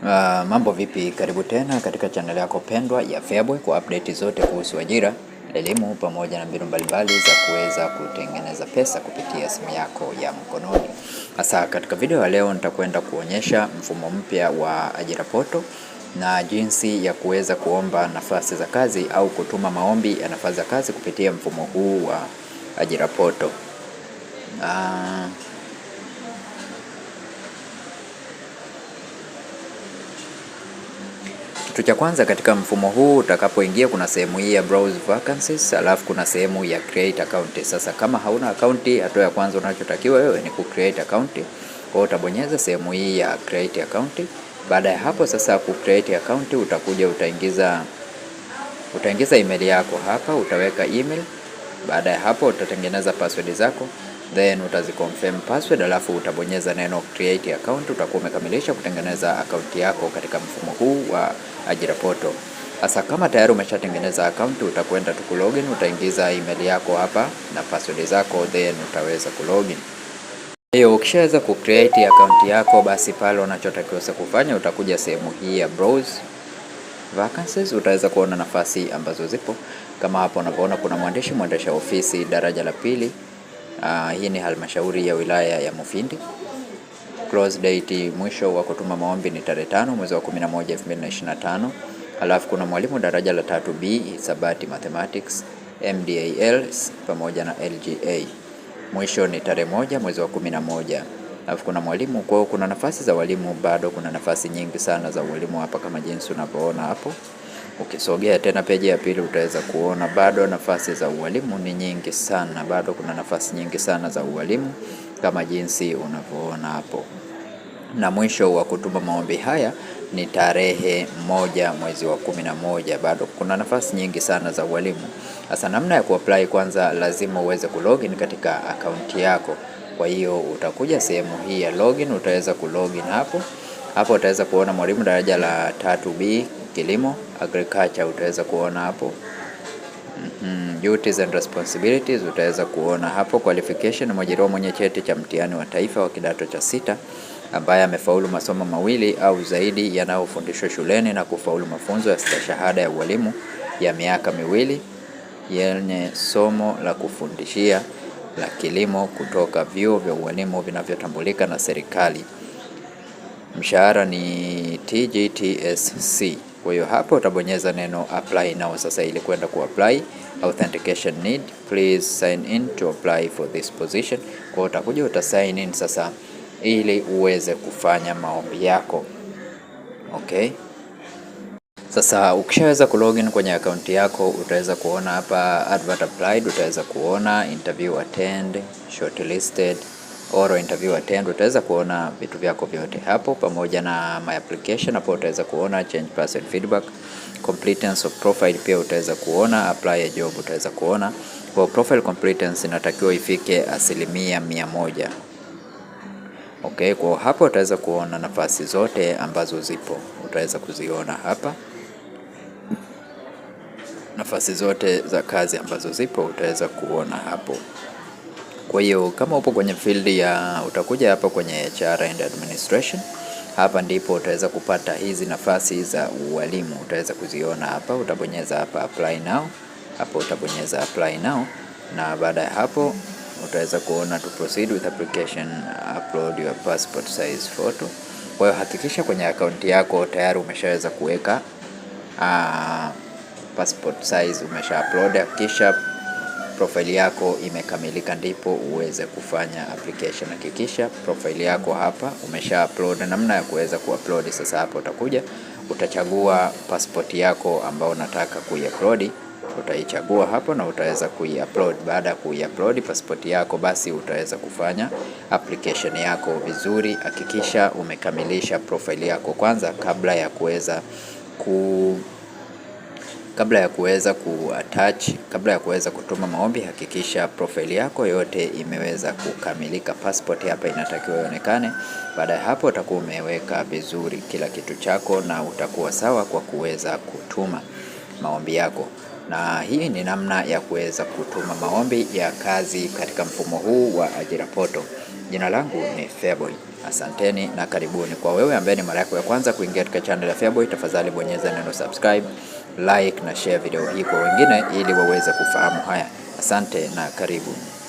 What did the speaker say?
Uh, mambo vipi? Karibu tena katika channel yako pendwa ya Feaboy kwa update zote kuhusu ajira, elimu pamoja na mbinu mbalimbali za kuweza kutengeneza pesa kupitia simu yako ya mkononi. Sasa katika video ya leo nitakwenda kuonyesha mfumo mpya wa ajira poto na jinsi ya kuweza kuomba nafasi za kazi au kutuma maombi ya nafasi za kazi kupitia mfumo huu wa ajira poto. Uh, Kitu cha kwanza katika mfumo huu utakapoingia, kuna sehemu hii ya browse vacancies, alafu kuna sehemu ya create account. Sasa kama hauna akaunti, hatua ya kwanza unachotakiwa wewe ni ku create account. Kwa hiyo utabonyeza sehemu hii ya create account. Baada ya hapo sasa, ku create account utakuja utaingiza utaingiza email yako hapa, utaweka email. Baada ya hapo utatengeneza password zako then utaziconfirm password, alafu utabonyeza neno create account. Utakuwa umekamilisha kutengeneza akaunti yako katika mfumo huu wa ajira poto. Sasa kama tayari umeshatengeneza account, utakwenda tu kulogin, utaingiza email yako hapa na password zako, then utaweza kulogin. Hiyo ukishaweza ku create account yako, basi pale unachotakiwa kufanya utakuja sehemu hii ya browse vacancies utaweza kuona nafasi ambazo zipo kama hapo unavyoona, kuna mwandishi mwendesha ofisi daraja la pili. Uh, hii ni halmashauri ya wilaya ya Mufindi. Close date mwisho wa kutuma maombi ni tarehe tano mwezi wa 11 2025. Halafu kuna mwalimu daraja la tatu B hisabati mathematics MDAL pamoja na LGA. Mwisho ni tarehe moja mwezi wa 11. Alafu kuna mwalimu kwao, kuna nafasi za walimu bado, kuna nafasi nyingi sana za walimu hapa kama jinsi unavyoona hapo. Ukisogea tena peji ya pili utaweza kuona bado nafasi za ualimu ni nyingi sana, bado kuna nafasi nyingi sana za ualimu kama jinsi unavyoona hapo. Na mwisho wa kutuma maombi haya ni tarehe moja mwezi wa kumi na moja. Bado kuna nafasi nyingi sana za ualimu. Sasa namna ya kuapply, kwanza lazima uweze kulogin katika akaunti yako. Kwa hiyo utakuja sehemu hii ya login, utaweza kulogin hapo. Hapo utaweza kuona mwalimu daraja la tatu B kilimo agriculture, utaweza kuona hapo mm -hmm. Duties and responsibilities utaweza kuona hapo. Qualification, mwajiriwa mwenye cheti cha mtihani wa taifa wa kidato cha sita ambaye amefaulu masomo mawili au zaidi yanayofundishwa shuleni na kufaulu mafunzo ya stashahada ya ualimu ya miaka miwili yenye somo la kufundishia la kilimo kutoka vyuo vya ualimu vinavyotambulika na serikali mshahara ni TGTSC. Kwa hiyo hapo utabonyeza neno apply now sasa, ili kwenda ku apply authentication need, please sign in to apply for this position. Kwa utakuja uta sign in sasa, ili uweze kufanya maombi yako okay. Sasa ukishaweza ku login kwenye akaunti yako utaweza kuona hapa advert applied, utaweza kuona interview attend, shortlisted oral interview attend, utaweza kuona vitu vyako vyote hapo, pamoja na my application hapo utaweza kuona change person feedback, completeness of profile pia utaweza kuona, apply a job utaweza kuona. Kwa profile completeness inatakiwa ifike asilimia mia moja. Okay, kwa hapo utaweza kuona nafasi zote ambazo zipo, utaweza kuziona hapa nafasi zote za kazi ambazo zipo utaweza kuona hapo. Kwa hiyo kama upo kwenye field ya utakuja hapa kwenye HR and administration, hapa ndipo utaweza kupata hizi nafasi za ualimu, utaweza kuziona hapa. Utabonyeza hapa apply now, hapo utabonyeza apply now, na baada ya hapo utaweza kuona to proceed with application, upload your passport size photo. Kwa hiyo hakikisha kwenye akaunti yako tayari umeshaweza kuweka ah, passport size, umesha upload, hakikisha profile yako imekamilika ndipo uweze kufanya application. Hakikisha profile yako hapa umesha upload. Namna ya kuweza kuupload sasa, hapa utakuja utachagua passport yako ambayo unataka kuiupload utaichagua hapo na utaweza kuiupload. Baada ya kuiupload passport yako, basi utaweza kufanya application yako vizuri. Hakikisha umekamilisha profile yako kwanza kabla ya kuweza ku Kabla ya kuweza kuattach, kabla ya kuweza kutuma maombi, hakikisha profile yako yote imeweza kukamilika. Passport hapa inatakiwa ionekane. Baada ya hapo, utakuwa umeweka vizuri kila kitu chako na utakuwa sawa kwa kuweza kutuma maombi yako. Na hii ni namna ya kuweza kutuma maombi ya kazi katika mfumo huu wa ajira poto. Jina langu ni fairboy Asanteni na karibuni. Kwa wewe ambaye ni mara yako ya kwanza kuingia katika channel ya fairboy tafadhali bonyeza neno subscribe, like na share video hii kwa wengine ili waweze kufahamu haya. Asante na karibuni.